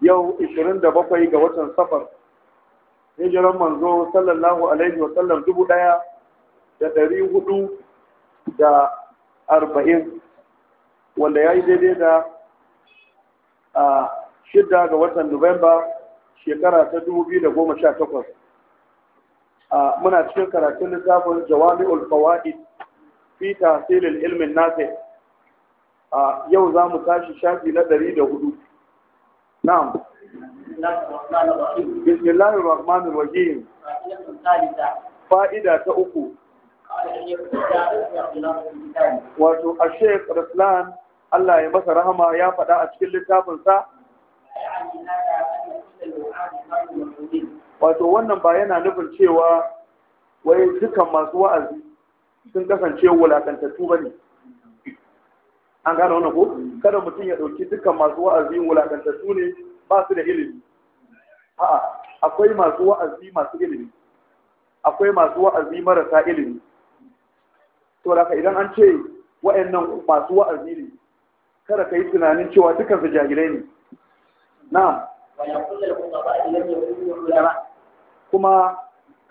yau 27 ga watan safar hijiran manzo sallallahu alaihi wasallam dubu daya da dari hudu da arba'in wanda ya yi daidai da a shidda ga watan nuwamba shekara ta dubu biyu da goma sha takwas muna cikin karatun littafin jawami ulfawa'id fi tasirin ilmin nafi yau za mu tashi shafi na ɗari da hudu نعم بسم الله الرحمن الرحيم فائدة أخو Allah ya masa rahama ya faɗa a cikin littafinsa wato wannan ba yana nufin cewa wai dukkan masu wa'azi sun kasance wulakantattu ba ne an gano wannan ko kada mutum ya ɗauki dukkan masu wa'azi su ne ba su da ilimi a'a akwai masu wa'azi masu ilimi akwai masu wa'azi marasa ilimi to da idan an ce wa'annan masu wa'azi ne kada ka yi tunanin cewa dukkan su jahilai ne Na. kuma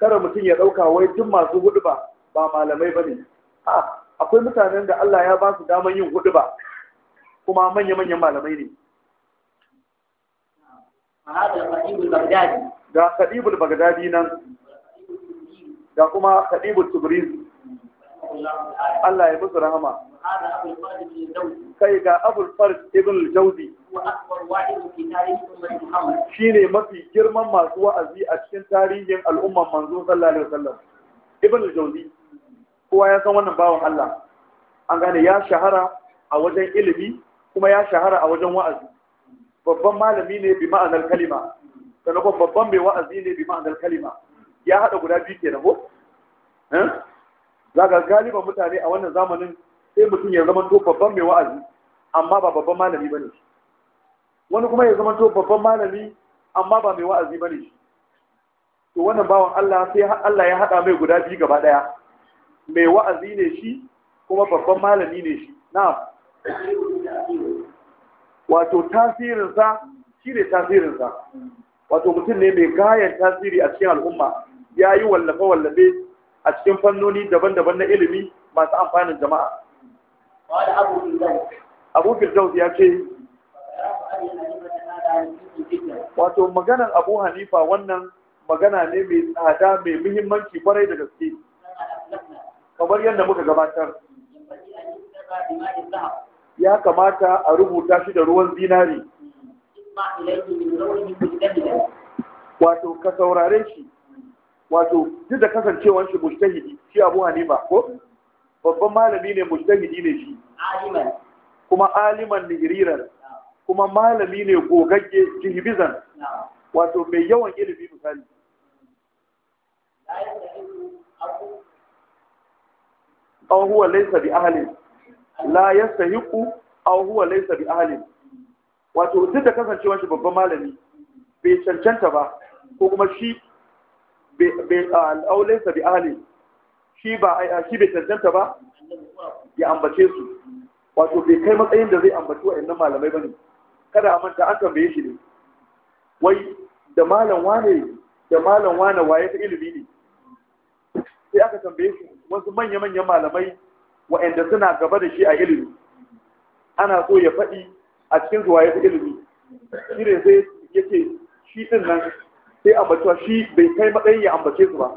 kada mutum ya ɗauka wai duk masu hudu ba ba malamai ba ne a'a akwai mutanen da Allah ya ba su daman yin hudu ba kuma manya-manyan malamai ne ga Khadibul bagdadi nan ga kuma Khadibul tubriz Allah ya musu rahama kai ga abul Farid ibn jauzi shi ne mafi girman masu wa'azi a cikin tarihin al'umman manzo sallallahu alaihi wasallam ibn jauzi kowa ya san wannan bawan Allah an gane ya shahara a wajen ilimi kuma ya shahara a wajen wa'azi babban malami ne bi ma'anar kalima sannan kuma babban mai wa'azi ne bi ma'anar kalima ya haɗa guda biyu kenan ko eh? za ga galiban mutane a wannan zamanin sai mutum ya zama to babban mai wa'azi amma ba babban malami bane shi wani kuma ya zama to babban malami amma ba mai wa'azi bane shi to wannan bawan Allah sai Allah ya haɗa mai guda biyu gaba ɗaya mai wa'azi ne shi kuma babban malami ne shi na wato tasirinsa shi ne tasirinsa wato mutum ne mai gayan tasiri a cikin al'umma ya yi wallafe-wallafe a cikin fannoni daban-daban na ilimi masu amfanin jama'a abu firdaus ya ce wato maganan abu hanifa wannan magana ne mai tsada mai muhimmanci kwarai da gaske kamar yadda muka gabatar ya kamata a rubuta shi da ruwan zinari wato ka saurare shi wato duk da kasancewar shi mujtahidi shi Abu Hanifa ko babban malami ne mujtahidi ne shi kuma aliman nigiriran kuma malami ne gogagge jihibizan wato mai yawan ilimi misali aw huwa laysa bi ahli la yastahiqu aw huwa laysa bi ahli wato duk da kasancewar shi babban malami bai cancanta ba ko kuma shi bai aw laysa bi ahli shi ba shi bai cancanta ba ya ambace su wato bai kai matsayin da zai ambaci wa'annan malamai bane kada a manta an tambaye shi ne wai da malam wane da malam wane waye ta ilimi ne sai aka tambaye shi wasu manya-manyan malamai wa'anda suna gaba da shi a ilimi ana so ya faɗi a cikin zuwa ya fi ilimi shi ne sai yake shi ɗin nan sai ambacewa shi bai kai matsayin ya ambace su ba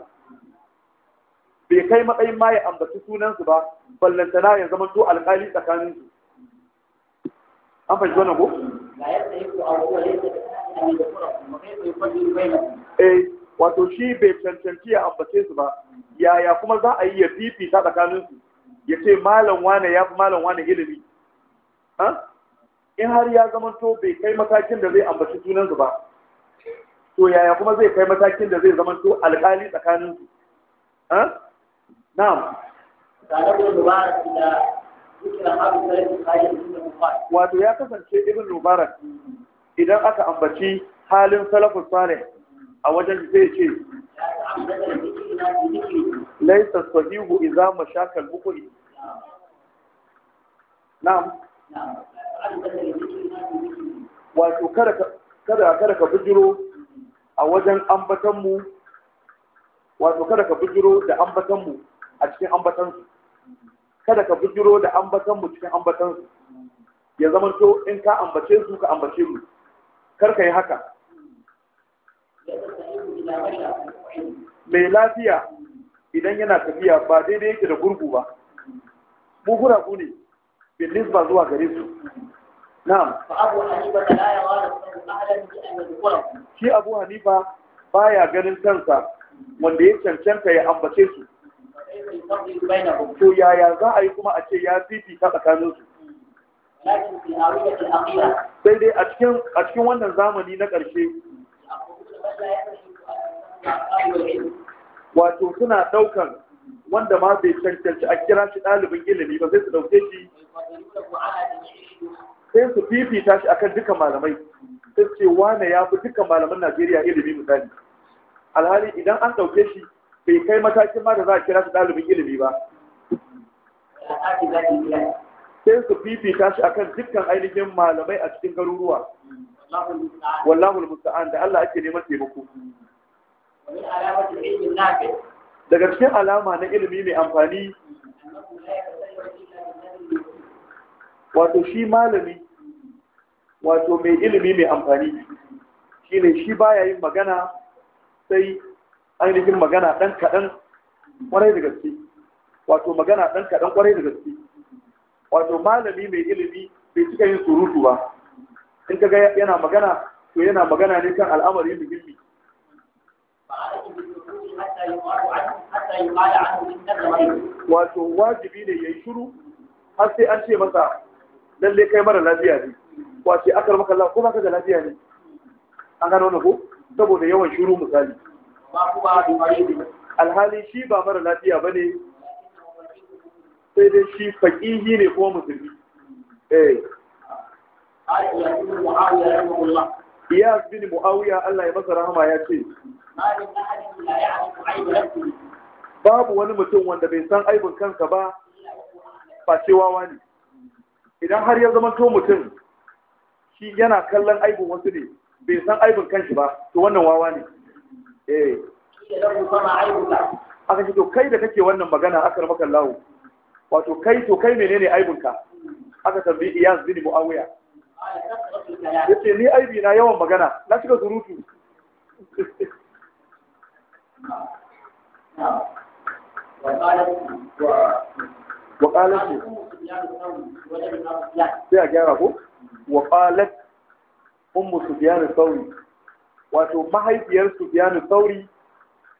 bai kai matsayin ma ya ambace sunansu ba ballantana ya zama to alƙali tsakanin su an fahimci wannan ko? eh wato shi bai cancanci ya ambace su ba yaya kuma za a yi ya fifita tsakanin su ya ce malam wane ya fi malam wane ilimi in har ya to bai kai matakin da zai ambaci sunan su ba to yaya kuma zai kai matakin da zai zamanto alƙali tsakanin su na'am wato ya kasance ibn mubarak idan aka ambaci halin salafus salih a wajen zai ce laisa sahihu idza mashaka al-bukhari na'am wato kada kada kada ka bujiro a wajen ambatan mu wato kada ka bujiro da ambatan mu a cikin ambatan su kada ka bujiro da ambatan mu cikin ambatan su ya zamanto in ka ambace su ka ambace mu kar ka yi haka mai lafiya idan yana tafiya ba daidai yake da gurgu ba mu ku ne bilis ba zuwa gare su na'am shi abu hanifa baya ganin kansa wanda ya cancanta ya ambace su to yaya za a yi kuma a ce ya fifita tsakanin su sai dai a cikin wannan zamani na ƙarshe wato suna ɗaukan wanda ma bai cancanci a kira shi ɗalibin ilimi ba sai su dauke shi sai su fifita shi akan duka malamai sai ce wane ya fi duka malaman Najeriya ilimi misali alhali idan an dauke shi bai kai matakin ma da za a kira shi ɗalibin ilimi ba sai su fifita shi akan dukkan ainihin malamai a cikin garuruwa Wallahul musta'an da Allah ake neman taimako daga cikin alama na ilimi mai amfani wato shi malami wato mai ilimi mai amfani shi ne shi baya yin magana sai ainihin magana ɗan kaɗan ƙwarai da gaske wato magana ɗan kaɗan ƙwarai da gaske wato malami mai ilimi bai cika yin surutu ba in ka ga yana magana to yana magana ne kan al'amari muhimmi wato wajibi ne ya yi shuru har sai an ce masa lalle kai mara lafiya ne wace akar maka Allah ko ka da lafiya ne an gano na ko saboda yawan shuru misali alhali shi ba mara lafiya ba ne sai dai shi faƙihi ne kuma musulmi eh Iyas bin Muawiya Allah ya masa rahama ya ce babu wani mutum wanda bai san aibin kansa ba face wawa ne idan har ya zama to mutum shi yana kallon aibin wasu ne bai san aibin kanshi ba to wannan wawa ne eh aka ce to kai da kake wannan magana aka maka lawo wato kai to kai menene ka aka tambayi iyaz bin muawiya yace ni aibi na yawan magana na cika surutu وقالت sai a gyara ko وقالت ummu sufyan sauri wato mahaifiyar sufyan sauri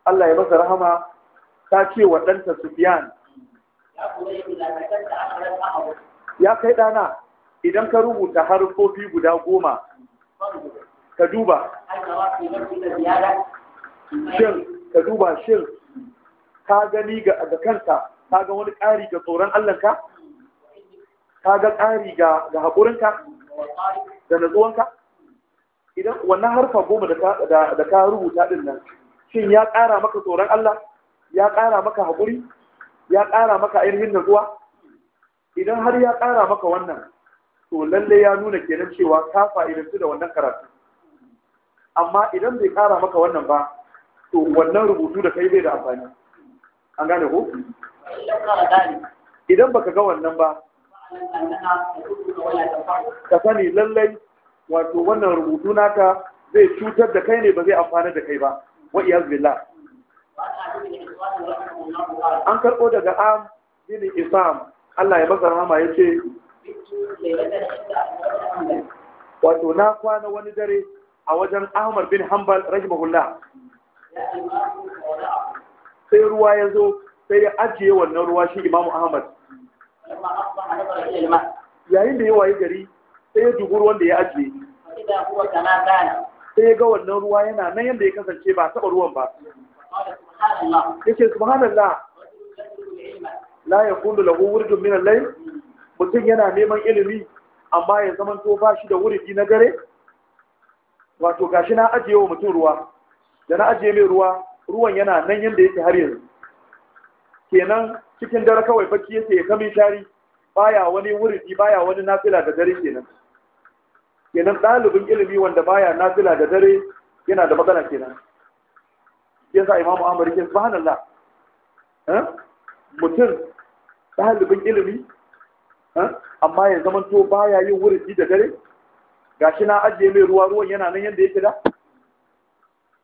Allah ya masa rahama ta ce wa ɗanta sufyan ya kai ɗana idan ka rubuta harfofi guda goma ka duba shin ka duba shin ka gani ga kanka ka ga wani ƙari ga tsoron Allahnka ka ga ƙari ga haƙurinka da natsuwanka idan wannan harfa goma da ka rubuta ɗin nan shin ya ƙara maka tsoron Allah ya ƙara maka haƙuri ya ƙara maka ainihin natsuwa idan har ya ƙara maka wannan to lalle ya nuna kenan cewa ka fa'idantu da wannan karatu amma idan bai ƙara maka wannan ba to wannan rubutu da kai bai da amfani an gane ko idan baka ga wannan ba ka sani lallai wato wannan rubutu naka zai cutar da kai ne ba zai amfana da kai ba wa an karɓo daga am bin isam Allah ya masa rahama ya wato na kwana wani dare a wajen Ahmad bin Hanbal rahimahullah sai ruwa ya zo sai ya ajiye wannan ruwa shi imamu ahmad yayin da ya waye gari sai ya dubu ruwan da ya ajiye sai ya ga wannan ruwa yana nan yadda ya kasance ba taɓa ruwan ba ya ce subhanallah la ya kundu lahu wurdun min lai? mutum yana neman ilimi amma ya zama to ba shi da wuridi na gare? wato gashi na ajiye wa mutum ruwa da na ajiye mai ruwa ruwan yana nan yadda yake har yanzu kenan cikin dare kawai bacci yake ya kamin shari baya wani wuridi baya wani nafila da dare kenan kenan ɗalibin ilimi wanda baya nafila da dare yana da matsala kenan sa imamu amur yake subhanallah eh? mutum ɗalibin ilimi eh? amma ya to baya yin wuridi da dare gashi na ajiye mai ruwa ruwan yana nan yadda yake da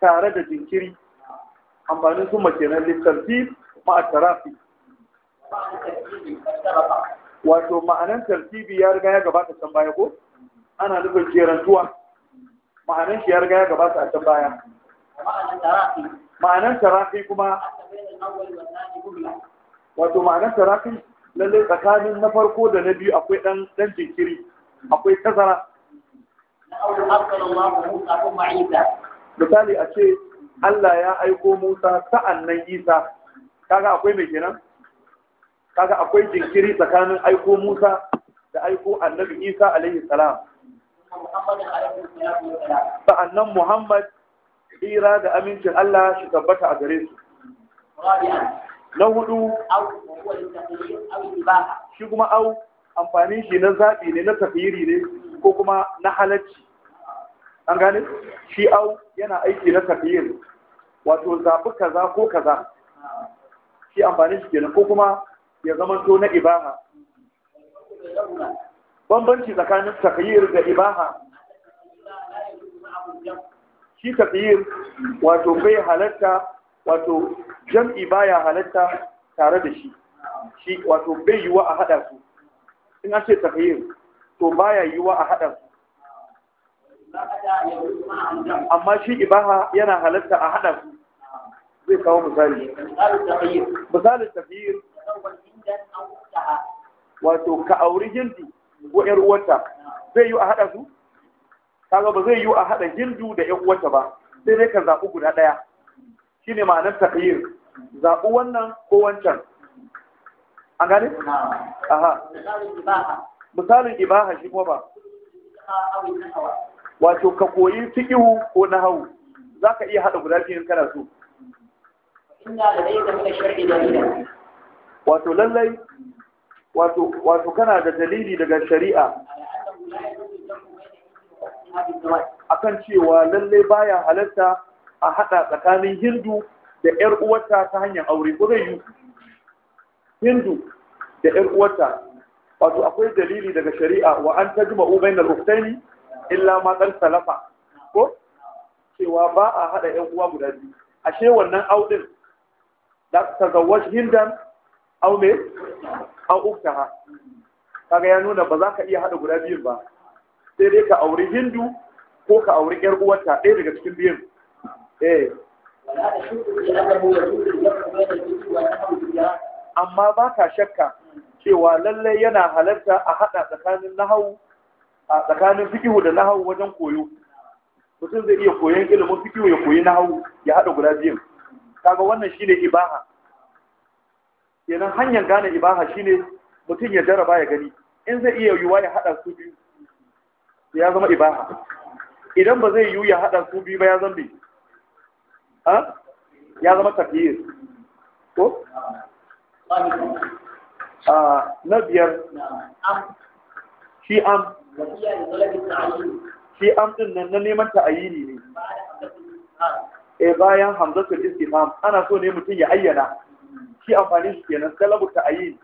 tare da jinkiri amfanin summa kenan littartib ma tarafi wato ma'anan tartibi ya riga ya gabata can baya ko ana nufin jerantuwa ma'anan shi ya riga ya gabata a can baya ma'anan tarafi kuma wato ma'anan tarafi lallai tsakanin na farko da na biyu akwai dan dan jinkiri akwai tazara misali a ce Allah ya aiko Musa sa'annan Isa kaga akwai mai kenan kaga akwai jinkiri tsakanin aiko Musa da aiko Annabi Isa alaihi salam sa'annan Muhammad tsira da amincin Allah shi tabbata a gare su na hudu shi kuma au amfanin shi na zaɓi ne na tafiri ne ko kuma na halacci an gane shi au yana aiki na tafiye wato zaɓi kaza ko kaza shi amfani shi kenan ko kuma ya zama to na ibaha bambanci tsakanin tafiyir da ibaha shi tafiyir wato bai halatta wato jam'i baya halatta tare da shi shi wato bai yiwuwa a haɗa su in an ce tafiyir to baya yiwuwa a haɗa su amma shi ibaha yana halatta a haɗa su zai kawo misali misalin tafiyir wato ka auri hindu ko 'yar uwarta zai yi a haɗa su kaga ba zai yi a haɗa hindu da yan uwarta ba sai dai ka zaɓi guda ɗaya shine ma'anar tafiyir zaɓi wannan ko wancan an gane? aha misalin ibaha shi kuma ba wato ka koyi fiqhu ko za zaka iya hada guda biyun kana so wato lallai wato wato kana da dalili daga shari'a akan cewa lallai baya halatta a hada tsakanin hindu da yar uwarta ta hanyar aure ko zai yi hindu da yar uwarta wato akwai dalili daga shari'a wa an tajma'u bainal ukhtaini illa ma dan salafa ko cewa ba a hada ƴan uwa guda biyu ashe wannan audin da tazawwaj hindan aume me ukta ha kaga ya nuna ba za ka iya hada guda biyun ba sai dai ka auri hindu ko ka auri ƴar uwarta ɗaya daga cikin biyun eh amma ba ka shakka cewa lallai yana halarta a haɗa tsakanin nahawu a tsakanin fikihu da nahawu wajen koyo mutum zai iya koyon ilimin fikihu ya koyi nahawu ya haɗa guda biyun kaga wannan shine ibaha kenan hanyar gane ibaha shine mutum ya jaraba ya gani in zai iya yiwuwa ya haɗa su biyu ya zama ibaha idan ba zai yiwu ya haɗa su biyu ba ya zambe ya zama tafiyir ko? Ah, na biyar shi am shi am nan na neman ta'ayini ne eh bayan hamzatul istifham ana so ne mutum ya ayyana shi amfani shi kenan talabu ta'ayin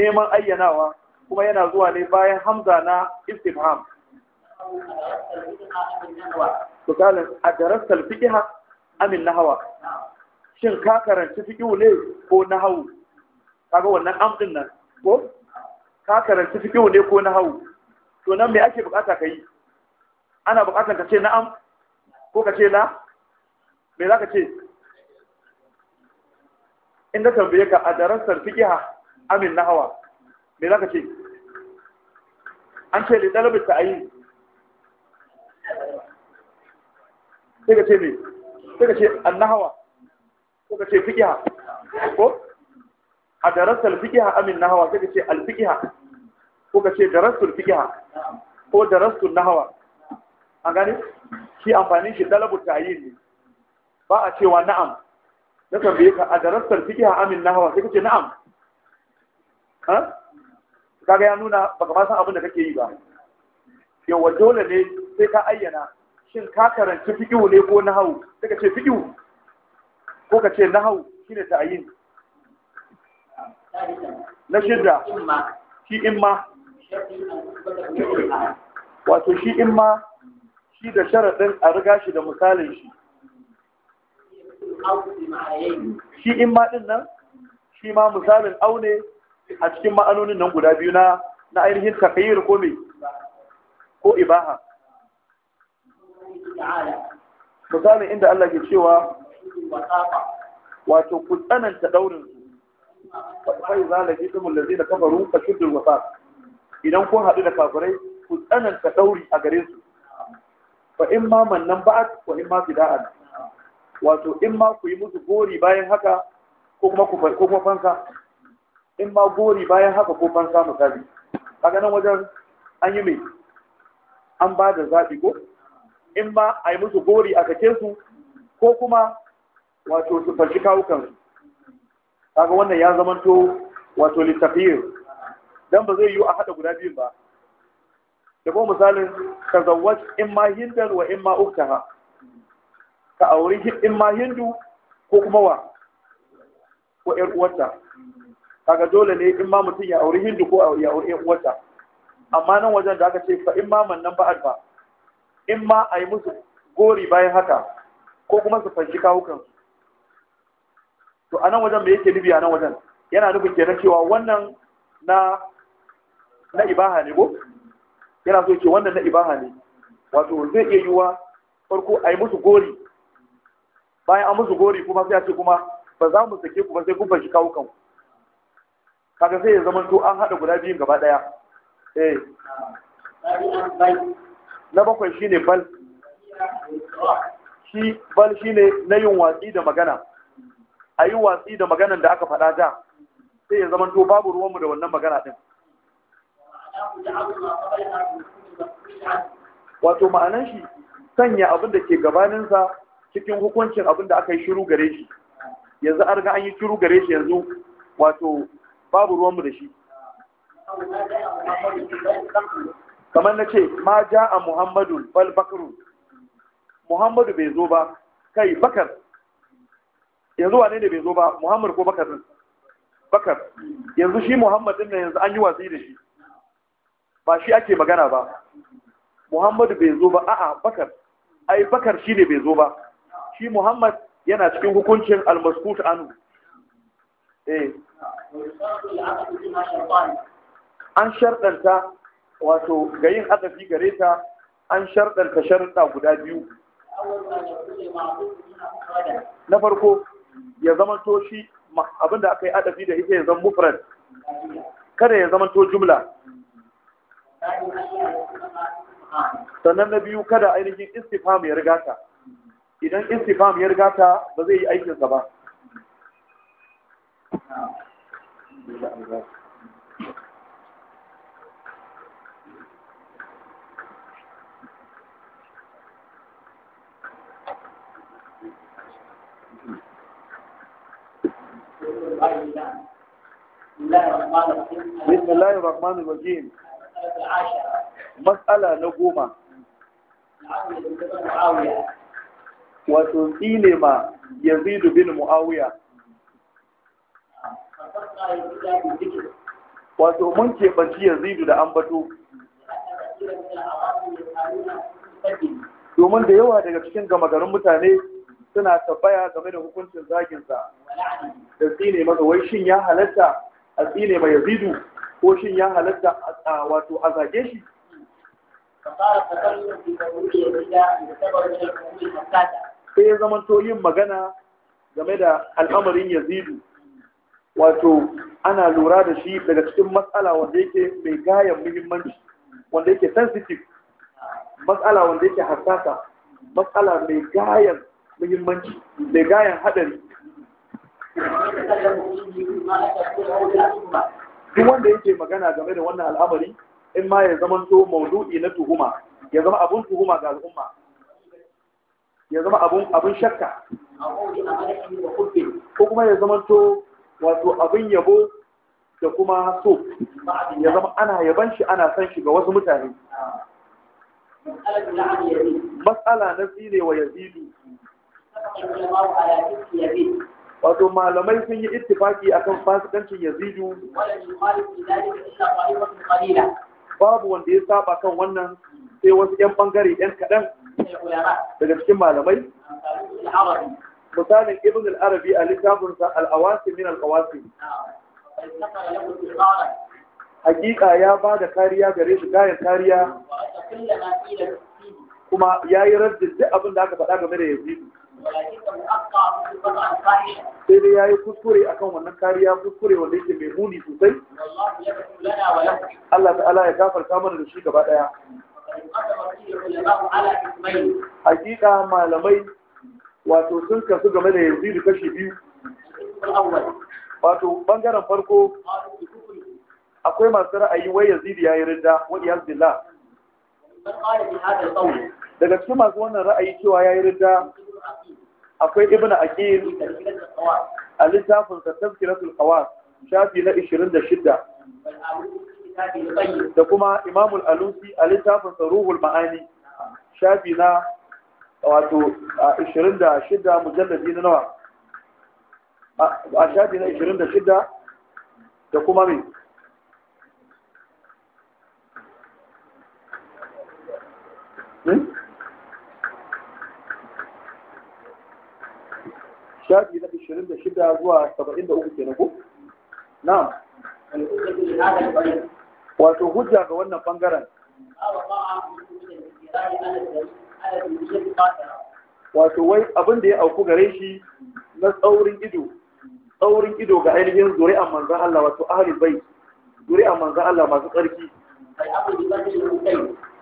neman ayyanawa kuma yana zuwa ne bayan hamza na istifham to kalin a darasal fiqha amin hawa. shin ka karanci fiqhu ne ko nahawu kaga wannan am nan ko ka karanci fiqhu ne ko nahawu to nan me ake bukata ka yi ana bukatar ka ce na'am ko ka ce la me za ka ce in da tambaye ka a darasar fiqiha amin hawa me za ka ce an ce li ta ayi sai ka ce me sai ka ce hawa. ko ka ce fiƙiha? ko a darasar fiqiha amin hawa sai ka ce alfiƙiha. kuka ce darastul fiqh ko na nahwa an gane shi amfani shi dalabul ta'yin ne ba a cewa na'am na tambaye ka a darastul fiqh amin nahwa sai kace na'am ha kaga ya nuna baka ma san abin da kake yi ba yawa dole ne sai ka ayyana shin ka karanci fiqh ne ko nahwu sai kace fiqh ko kace nahwu shine ta'yin na shidda shi imma wato shi in ma shi da sharaɗin a riga shi da misalin shi shi in ma ɗin nan shi ma misalin aune a cikin ma'anonin nan guda biyu na na ainihin takayyar ko me ko ibaha misalin inda Allah ke cewa wato ku tsananta daurin su fa'i zalaki da zai kafaru ka shuddul wasaq idan kun haɗu da kafirai ku tsananta ɗauri a gare su fa in ma mannan ba ko in ma fida'an wato in ma ku yi musu gori bayan haka ko kuma ku ko kuma fansa in ma gori bayan haka ko fansa misali kaga nan wajen an yi mai an ba da zaɓi ko in ma a yi musu gori a kake su ko kuma wato su fashi kawukan kaga wannan ya zamanto wato littafiyar dan ba zai yiwu a haɗa guda biyun ba da kuma misalin ka zawwaj in ma hindar wa in ma uktaha ka auri in ma hindu ko kuma wa ko ƴar uwarta kaga dole ne in ma mutum ya auri hindu ko ya auri ƴar uwarta amma nan wajen da aka ce fa in ma man nan ba'ad ba in ma ayi musu gori bayan haka ko kuma su fanshi kawukan to a nan wajen me yake nubi a nan wajen yana nufin kenan cewa wannan na na ibaha ne ko yana so ce wannan na ibaha ne wato zai iya yiwuwa farko a yi musu gori bayan an musu gori kuma sai a ce kuma ba za mu sake ku ba sai kun fashi kawo kanku kaga sai ya zama to an haɗa guda biyun gaba ɗaya eh na bakwai shine bal shi bal shine na yin watsi da magana a yi watsi da maganan da aka faɗa da sai ya zama to babu ruwanmu da wannan magana ɗin wato ma'anan shi sanya abin da ke gabaninsa cikin hukuncin abin da aka yi shiru gare shi yanzu an ga an yi shiru gare shi yanzu wato babu ruwanmu da shi kamar na ce ma ja a muhammadu bal bakaru muhammadu bai zo ba kai bakar yanzu wane ne bai zo ba muhammadu ko bakar bakar yanzu shi muhammadu ne yanzu an yi watsi da shi ba shi ake magana ba muhammadu bai zo ba a'a bakar ai bakar shi ne bai zo ba shi muhammad yana cikin hukuncin almaskut anu eh an sharɗanta wato ga yin adafi gare ta an sharɗanta sharɗa guda biyu na farko ya zamanto shi abinda aka yi adafi da ita ya zama mufrad kada ya zamanto jumla sannan na biyu kada ainihin istifam ya riga ta idan istifam ya riga ta ba zai yi aikinsa ba بسم الله الرحمن الرحيم matsala na goma wato tsile ma yazidu bin mu'awiya wato mun keɓanci yazidu da ambato domin da yawa daga cikin gama garin mutane suna tabbaya game da hukuncin zaginsa da tsine masa wai shin ya halatta a tsine mai yazidu ko shin ya halatta a wato a zage shi sai ya zama to yin magana game da al'amarin yazidu wato ana lura da shi daga cikin matsala wanda yake mai gayan muhimmanci wanda yake sensitive matsala wanda yake hassasa matsala mai gayan muhimmanci mai gayan hadari duk wanda yake magana game da wannan al'amari in ma ya zama to maudu'i na tuhuma ya zama abun tuhuma ga al'umma ya zama abun abun shakka ko kuma ya zama to wato abin yabo da kuma so ya zama ana yaban shi ana san shi ga wasu mutane matsala na tsire wa yazidu wato malamai sun yi ittifaki akan fasikancin yazidu babu wanda ya saba kan wannan sai wasu yan bangare yan kaɗan daga cikin malamai misalin ibn al-arabi a littafinsa al-awasi min al-awasi hakika ya ba da kariya gare shi kayan kariya kuma ya yi raddin duk abin da aka faɗa game da yazidu sai ya yi kuskure akan wannan kariya kuskure wanda yake mai muni sosai Allah ta'ala ya gafarta mana da shi gaba daya hakika malamai wato sun kasu game da yanzu da kashi biyu wato bangaren farko akwai masu ra'ayi wai yazidi ya yi rinda Wani iyaz billah daga cikin masu wannan ra'ayi cewa ya yi rinda akwai ibn aqil a littafin sa tafsiratul qawas shafi na 26 da kuma imam al-alusi a littafin sa ruhul ma'ani shafi na wato 26 mujalladi na nawa a shafi na 26 da kuma mai shafi na 26 zuwa ده kenan ko na'am wato hujja ga wannan bangaren wato wai abin da ya auku gare shi na tsaurin ido tsaurin ido ga ainihin zuri'an manzan Allah wato ahlul bai a manzan Allah masu tsarki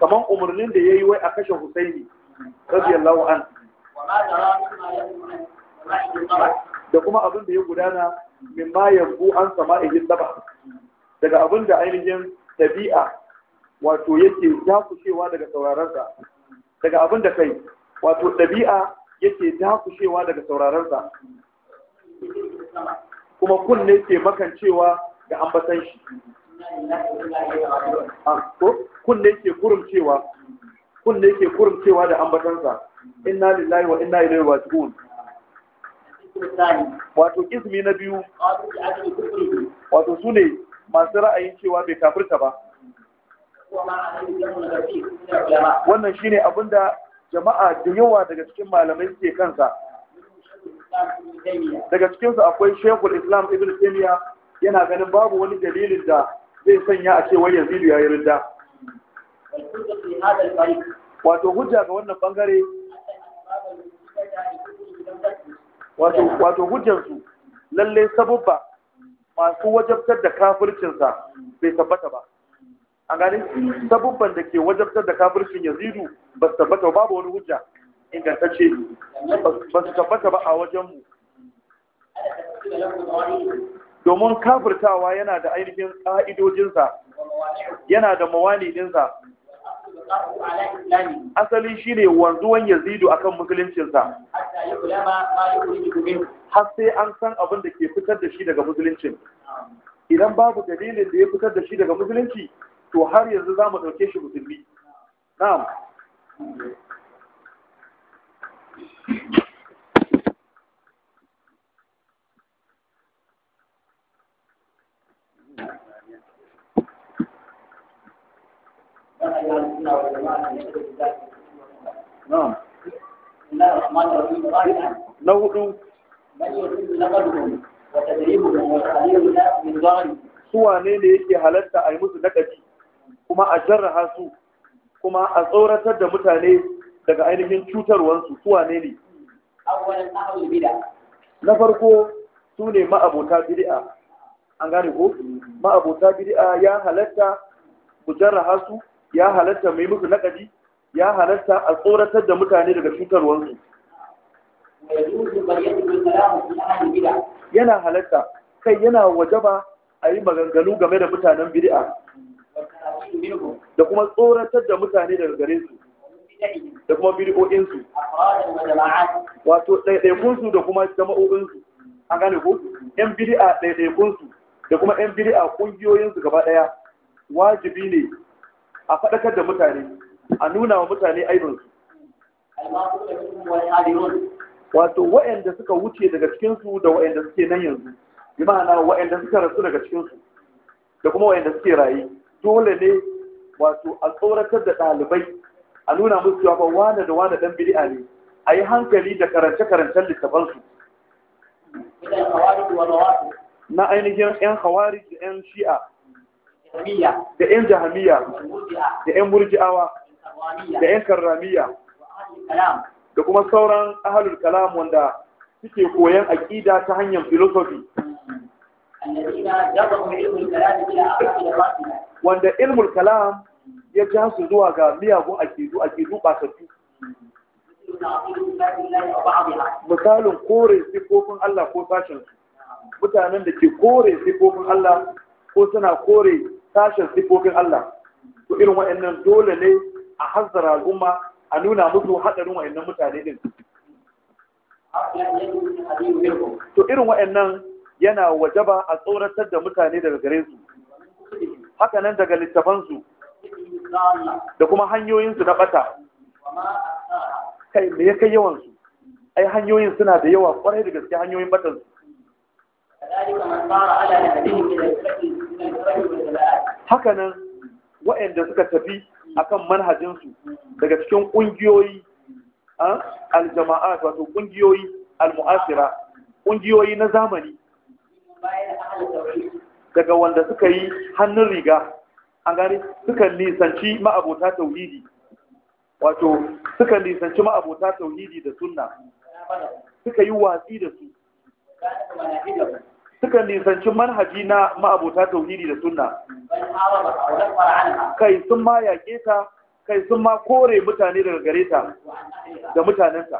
kamar umarnin da ya yi wai a kashe Husaini radiyallahu an da kuma abin da ya gudana min ma yanzu an sama ijin daba daga abin da ainihin tabi'a wato yake dakushewa daga saurararsa daga abin da kai wato tabi'a yake dakushewa daga saurararsa kuma kunne ke makancewa ga ambatan shi kunne ke kurumcewa kunne ke kurumcewa da ambatansa inna lillahi wa inna ilaihi raji'un wato ismi na biyu wato su ne masu ra'ayin cewa bai kafirta ba wannan shine abin da jama'a da yawa daga cikin malamai suke kansa daga cikinsu akwai shekul islam ibn taymiya yana ganin babu wani dalilin da zai sanya a cewa yazidu ya yi rinda wato hujja ga wannan bangare wato hujjansu lalle sabubba masu wajabtar da kafircinsa bai tabbata ba a gani sabubban da ke wajabtar da kafircin yazidu ba su tabbata babu wani hujja ingantacce ba su tabbata ba a wajenmu domin kafirtawa yana da ainihin ƙa'idojinsa yana da mawani ɗinsa asali shine wanzuwan yazidu akan musuluncinsa har sai an san abin da ke fitar da shi daga musulunci idan babu dalilin da ya fitar da shi daga musulunci to har yanzu za mu ɗauke shi musulmi na'am na hudu su wane ne yake halatta a yi musu nakaci kuma a jarraha su kuma a tsoratar da mutane daga ainihin cutarwansu su wane ne na farko su ne ma'abota bid'a an gane ko ma'abota bid'a ya halatta ku jarraha su ya halatta mai musu nakaci ya halatta a tsoratar da mutane daga cutarwarsu yana halatta kai yana wajaba a yi maganganu game da mutanen bid'a da kuma tsoratar da mutane daga gare su da kuma bid'o'insu wato ɗaiɗaikunsu da kuma jama'o'insu an gane ku yan bid'a ɗaiɗaikunsu da kuma yan bid'a ƙungiyoyinsu gaba ɗaya wajibi ne a faɗakar da mutane a nuna wa mutane aibinsu wato wa'anda suka wuce daga cikinsu da wa'anda suke nan yanzu bi ma'ana wa'anda suka rasu daga cikinsu da kuma wa'anda suke rayu dole ne wato a tsoratar da ɗalibai a nuna musu cewa ba wane da wane ɗan bid'a ne a yi hankali da karance-karancen littafansu na ainihin 'yan hawari da 'yan shi'a da 'yan jahamiya da 'yan murji'awa da yan karramiya da kuma sauran ahalul kalam wanda suke koyan aƙida ta hanyar filosofi wanda ilmul kalam ya ja su zuwa ga miyagun aƙidu aƙidu ɓatattu misalin kore sifofin Allah ko sashen mutanen da ke kore sifofin Allah ko suna kore sashen sifofin Allah to irin waɗannan dole ne a hanzara al'umma a nuna musu haɗarin wa'annan mutane din to irin wa'annan yana wajaba a tsoratar da mutane daga gare su haka nan daga littafansu da kuma hanyoyinsu na bata kai me ya kai yawansu ai hanyoyin suna da yawa kwarai da gaske hanyoyin ɓatansu. haka nan wa'anda suka tafi akan su daga cikin ƙungiyoyi ah, aljama'a wato ƙungiyoyi almu'asira ƙungiyoyi na zamani daga wanda suka yi hannun riga an gani suka nisanci ma'abota tauhidi wato suka nisanci ma'abota tauhidi da sunna suka yi watsi da su suka nisanci manhaji na ma'abota tauhidi da sunna kai sun ma yaƙe ta kai sun ma kore mutane daga gare ta da mutanenta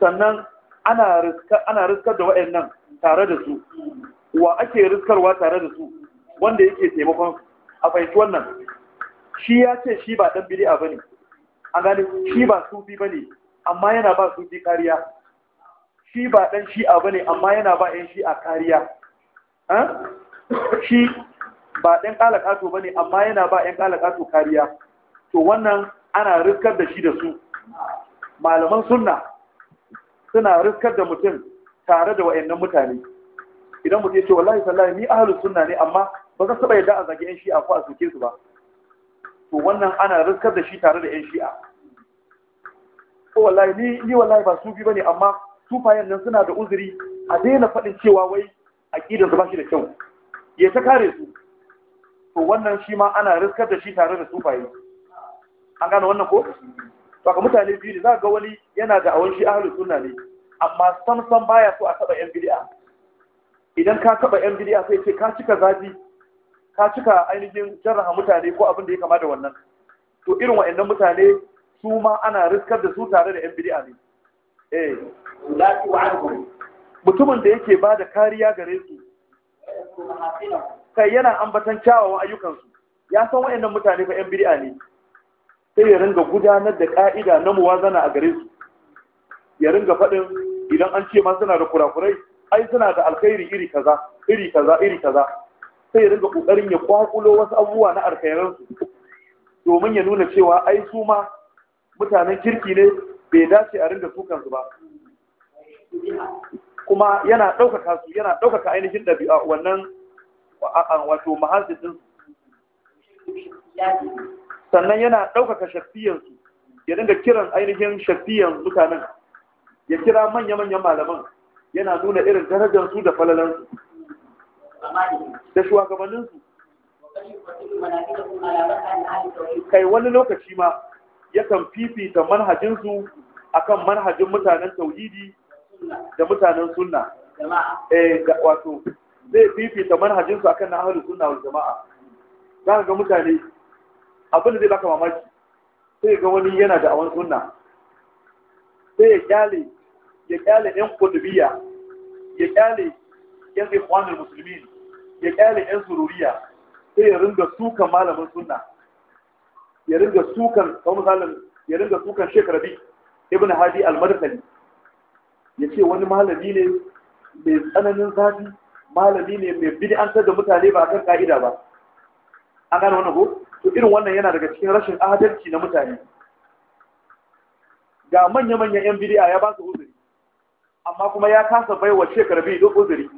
sannan ana riskar da waɗannan tare da su wa ake riskarwa tare da su wanda yake taimakon a fahimci wannan shi ya ce shi ba ɗan bid'a ba ne a gane shi ba sufi ba ne amma yana ba sufi kariya shi ba ɗan shi'a ba ne amma yana ba ‘yan shi'a kariya shi ba ɗan ƙalaƙato ba ne amma yana ba ƙala ƙalaƙato kariya to wannan ana riskar da shi da su malaman suna, suna riskar da mutum tare da wa'annan mutane idan mutum ya ce wallahi sallahi ni ahlus suna ne amma ba za su ba yadda a zage ‘yan shi'a ko a soke su ba to wannan ana riskar da shi tare da ‘yan shi'a ko oh, wallahi ni wallahi ba sufi ba ne amma sufayen nan suna da uzuri a daina faɗin cewa wai aƙidansu ba shi da kyau ya ta kare su to wannan shi ma ana riskar da shi tare da sufaye an gane wannan ko Baka mutane biyu ne za ga wani yana da awon shi ahlus suna ne amma sam baya so a taɓa yan bidi'a. idan ka taɓa yan bidi'a, sai ce ka cika zafi ka cika ainihin jarraha mutane ko abin da ya kama da wannan to irin wa'annan mutane su ma ana riskar da su tare da yan bidi'a ne Eh, mutumin da yake ba da kariya gare su kai yana ambatan kyawawan ayyukansu ya san wayannan mutane fa 'yan bid'a ne sai ya ringa gudanar da ƙa'ida na muwazana a gare su ya ringa faɗin idan an ce ma suna da kurakurai ai suna da alkhairi iri kaza iri kaza iri kaza sai ya ringa ƙoƙarin ya kwakulo wasu abubuwa na alkhairansu domin ya nuna cewa ai su ma mutanen kirki ne bai dace a rinda tukan su ba kuma yana ɗaukaka su yana ɗaukaka ainihin ɗabi'a wannan wato mahazin sannan yana ɗaukaka shafiyansu ya dinga kiran ainihin shafiyan mutanen ya kira manya-manyan malaman yana nuna irin darajarsu da falalansu da shugabanninsu kai wani lokaci ma yakan fifita manhajinsu akan manhajin mutanen tauhidi da mutanen sunna eh wato zai fifita manhajinsu akan na ahlus sunna wal jama'a za ga mutane abin da zai baka mamaki sai ga wani yana da awon sunna sai ya kyale ya kyale yan kudubiya ya kyale yan ikhwanul muslimin ya kyale yan sururiya sai ya ringa suka malamin sunna ya ringa sukan kawai misalin ya ringa sukan Sheikh Rabi Ibn Hadi Al-Madkhali ya ce wani malami ne mai tsananin zafi malami ne mai bid'antar da mutane ba kan ka'ida ba an gane wannan ko to irin wannan yana daga cikin rashin adalci na mutane ga manya-manyan 'yan bidiya ya ba su uzuri amma kuma ya kasa baiwa wa shekarbi duk uzuri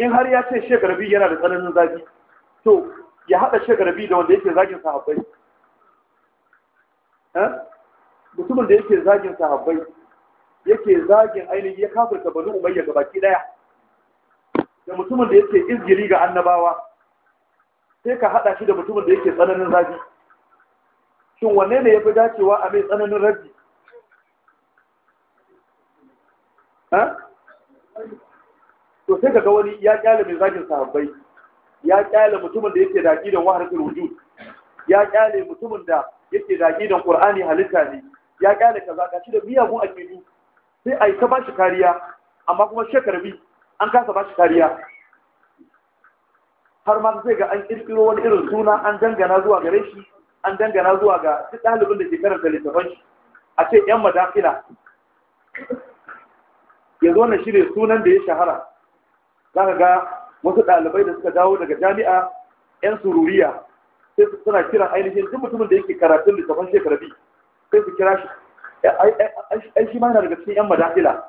in har ya ce shekarbi yana da tsananin zafi to ya haɗa shekarabi da wanda yake zagin sahabbai mutumin da yake zagin sahabbai yake zagin ainihi ya kafirta banu umayya ga baki daya da mutumin da yake izgiri ga annabawa sai ka haɗa shi da mutumin da yake tsananin zagi shin wanne ne ya fi dacewa a mai tsananin rabbi to sai ka ga wani ya kyale mai zagin sahabbai ya kyale mutumin da yake da wahalar wahdatul wujud ya kyale mutumin da yake da qur'ani halitta ne ya kyale kaza ka shi da miyagun akidu sai ai ta bashi kariya amma kuma shekarbi an kasa bashi kariya har ma zai ga an kirkiro wani irin suna an dangana zuwa gare shi an dangana zuwa ga duk ɗalibin da ke karanta littafan shi a ce yan madafila yanzu wannan shi ne sunan da ya shahara za ka ga wasu ɗalibai da suka dawo daga jami'a 'yan sururiya sai su suna kiran ainihin duk mutumin da yake karatun littafin bi sai su kira shi ai shi ma yana daga cikin 'yan madafila.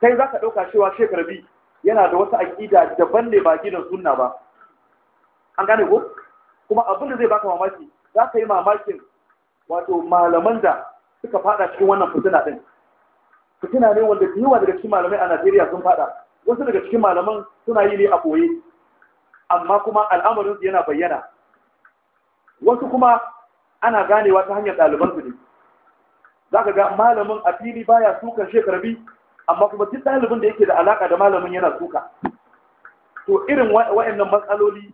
kai za ka ɗauka cewa bi yana da wasu aƙida daban ne ba gidan sunna ba an gane ko kuma abin da zai baka mamaki za ka yi mamakin wato malaman da suka fada cikin wannan fitina din fitina ne wanda da yawa daga cikin malamai a najeriya sun fada wasu daga cikin malaman suna yi ne a ɓoye amma kuma al'amarinsu yana bayyana wasu kuma ana ganewa ta hanyar ɗalibansu ne za ka ga malamin a fili baya sukan shekarbi amma kuma duk ɗalibin da yake da alaƙa da malamin yana suka to irin wa'annan matsaloli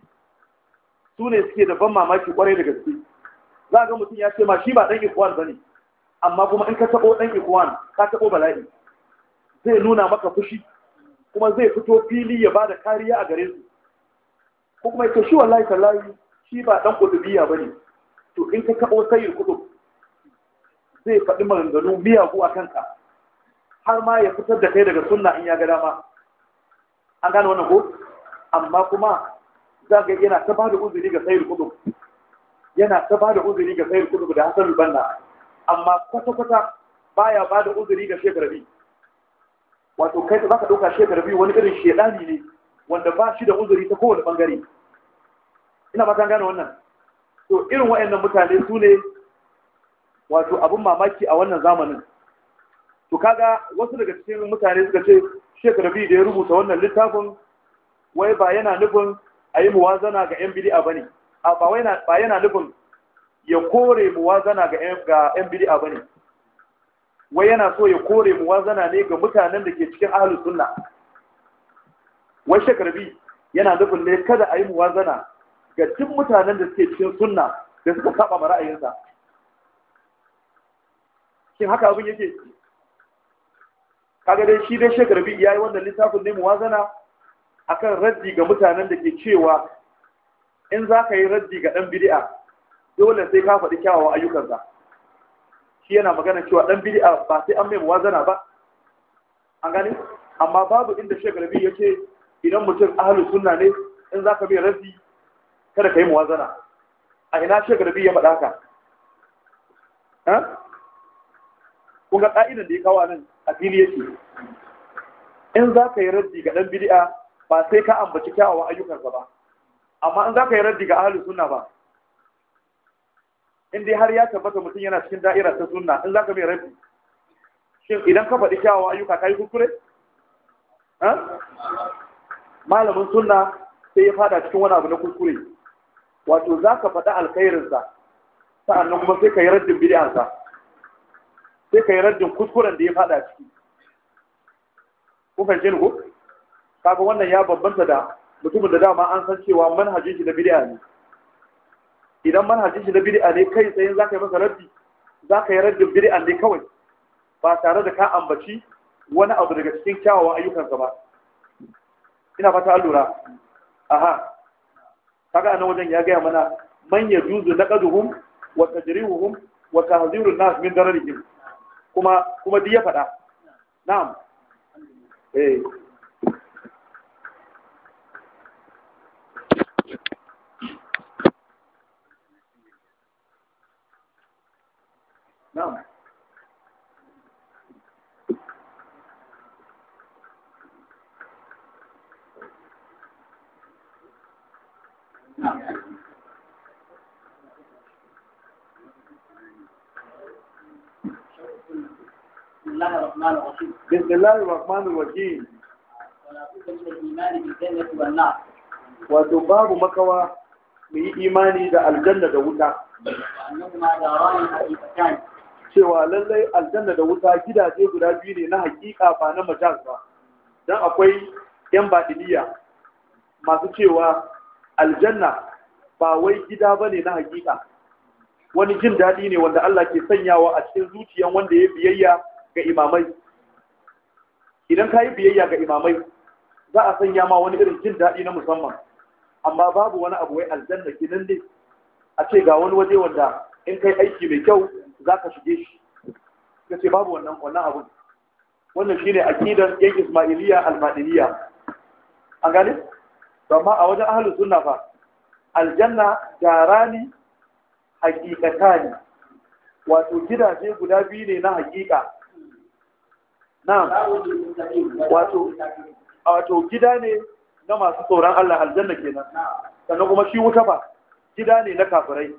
su ne suke da ban mamaki kwarai da gaske za ga mutum ya ce ma shi ba ɗan ikuwan ba ne amma kuma in ka taɓo ɗan ikuwan ka taɓo bala'i zai nuna maka fushi kuma zai fito fili ya bada kariya a gare su ko kuma ita shi wallahi tallahi shi ba dan kudubiya bane to in ka taɓo sayyid kudub zai faɗi maganganu miyagu a kanka har ma ya fitar da kai daga sunna in ya ga dama an gane wannan ko amma kuma za ga yana ta ba da uzuri ga sayyid kudub yana ta ba da uzuri ga sayyid kudub da hasan banna amma kwata-kwata baya ba da uzuri ga shekarabi wato kai da zaka dauka shekara biyu wani irin shedani ne wanda ba shi da uzuri ta kowane bangare ina fatan gane wannan to irin wa'annan mutane su ne wato abin mamaki a wannan zamanin to kaga wasu daga cikin mutane suka ce shekara biyu da ya rubuta wannan littafin wai ba yana nufin a yi muwazana ga yan bidi'a ba ne ba yana nufin ya kore muwazana ga yan bidi'a ba ne wai yana so ya kore muwazana ne ga mutanen da ke cikin ahlus sunna wai shakarbi yana nufin ne kada a yi muwazana ga duk mutanen da suke cikin sunna da suka saba ma ra'ayinsa shin haka abin yake kaga dai shi dai shakarbi ya yi wannan littafin ne muwazana akan raddi ga mutanen da ke cewa in za ka yi raddi ga ɗan bid'a dole sai ka faɗi kyawawan ayyukansa shi yana magana cewa dan bid'a ba sai an mai muwazana ba an gani amma babu inda Sheikh Rabi yake idan mutum ahlu sunna ne in zaka bi rabbi kada ka yi muwazana a ina shekaru biyu ya faɗa ka kun ga ƙa'idan da ya kawo nan a fili yake in za ka yi raddi ga ɗan bid'a ba sai ka ambaci kyawawan ayyukansa ba amma in za ka yi raddi ga ahalin sunna ba in dai har ya tabbata mutum yana cikin da'ira ta sunna in zaka mai rabi shin idan ka faɗi kyawawa ayyuka ka yi kuskure malamin sunna sai ya fada cikin wani abu na kuskure wato za ka faɗi sa sa'annan kuma sai ka yi raddin sa sai ka yi raddin kuskuren da ya fada ciki Kuka fahimce ni ko kaga wannan ya bambanta da mutumin da dama an san cewa manhajin shi da bid'a ne idan manhajin shi na bid'a ne kai sai za ka yi masa raddi za ka yi raddi bid'a ne kawai ba tare da ka ambaci wani abu daga cikin kyawawan ayyukansa ba ina fata an lura aha kaga anan wajen ya gaya mana man yajuzu naqaduhum wa tajrihuhum wa tahziru nas min dararihim kuma kuma duk ya faɗa na'am eh na'am بسم الله الرحمن الرحيم wato babu makawa mu yi imani da aljanna da wuta cewa lallai aljanna da wuta gidaje guda biyu ne na hakika ba na majaz ba dan akwai yan badiliya masu cewa aljanna ba wai gida bane na hakika wani jin daɗi ne wanda Allah ke sanyawa a cikin zuciyan wanda ya biyayya ga imamai idan ka yi biyayya ga imamai za a sanya ma wani irin jin daɗi na musamman amma babu wani abu wai aljanna gidan ne a ce ga wani waje wanda in kai aiki mai kyau za ka shige shi ka ce babu wannan wannan abun wannan shine akidan yan al almadiniya an gane amma a wajen ahlus sunna fa aljanna hakikata haqiqatani wato gidaje guda biyu ne na hakika. na wato wato gida ne na masu tsoron Allah aljanna kenan sannan kuma shi wuta ba gida ne na kafirai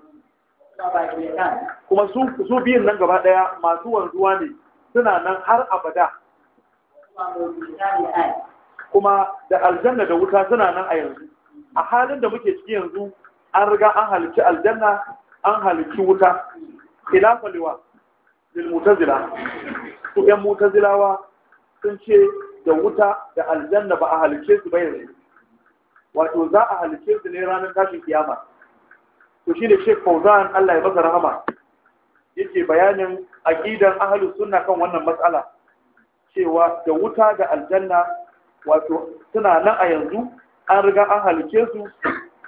kuma su biyun nan gaba ɗaya masu wanzuwa ne suna nan har abada kuma da aljanna da wuta suna nan a yanzu a halin da muke ciki yanzu an riga an halicci aljanna an halicci wuta ila liwa mutazila su yan mutazilawa sun ce da wuta da aljanna ba a halicce su ba wato za a halicce su ne ranar tashin kiyama to shi ne Sheikh Fauzan Allah ya masa rahama yake bayanin aqidan ahlus sunna kan wannan matsala cewa da wuta da aljanna wato suna nan a yanzu an riga an halice su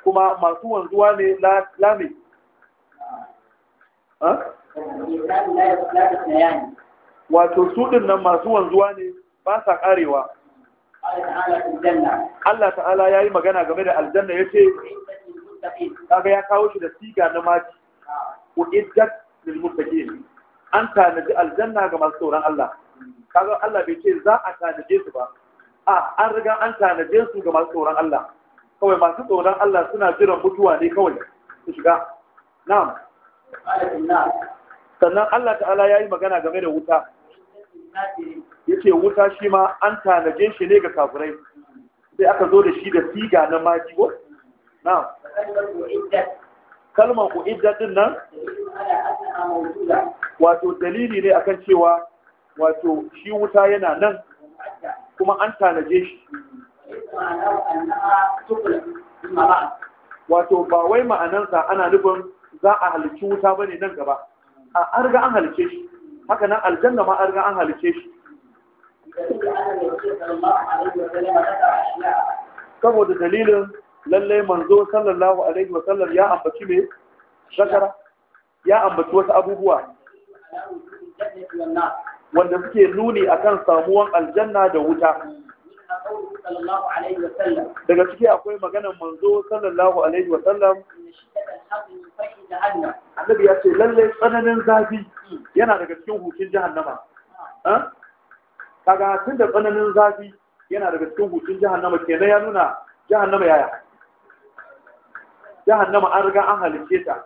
kuma masu wanzuwa ne lame wato su nan masu wanzuwa ne ba sa karewa Allah ta'ala ya yi magana game da aljanna ya ce kaga ya kawo shi da siga na maji iddat lil muttaqin an tanaji aljanna ga masu tsoron Allah kaga Allah bai ce za a tanaje su ba a an riga an tanaje su ga masu tsoron Allah kawai masu tsoron Allah suna jiran mutuwa ne kawai su shiga na'am sannan Allah ta'ala ya yi magana game da wuta ya ce wuta shi ma an tanaje shi ne ga kafirai sai aka zo da shi da siga na maji ko na'am kalmar uiddat din nan wato dalili ne akan cewa wato shi wuta yana nan kuma an tanaje shi wato ba wai ma'anansa ana nufin za a halicci wuta bane nan gaba a arga an halice shi haka nan aljanna ma arga an halice shi saboda dalilin lallai manzo sallallahu alaihi wa sallam ya ambaci me zakara ya ambaci wasu abubuwa wanda suke nuni akan samuwan aljanna da wuta daga ciki akwai maganar manzo sallallahu alaihi wa sallam annabi ya ce lallai tsananin zafi yana daga cikin hukin jahannama kaga tun da tsananin zafi yana daga cikin hukin jahannama kenan ya nuna jahannama yaya nama an riga an halicce ta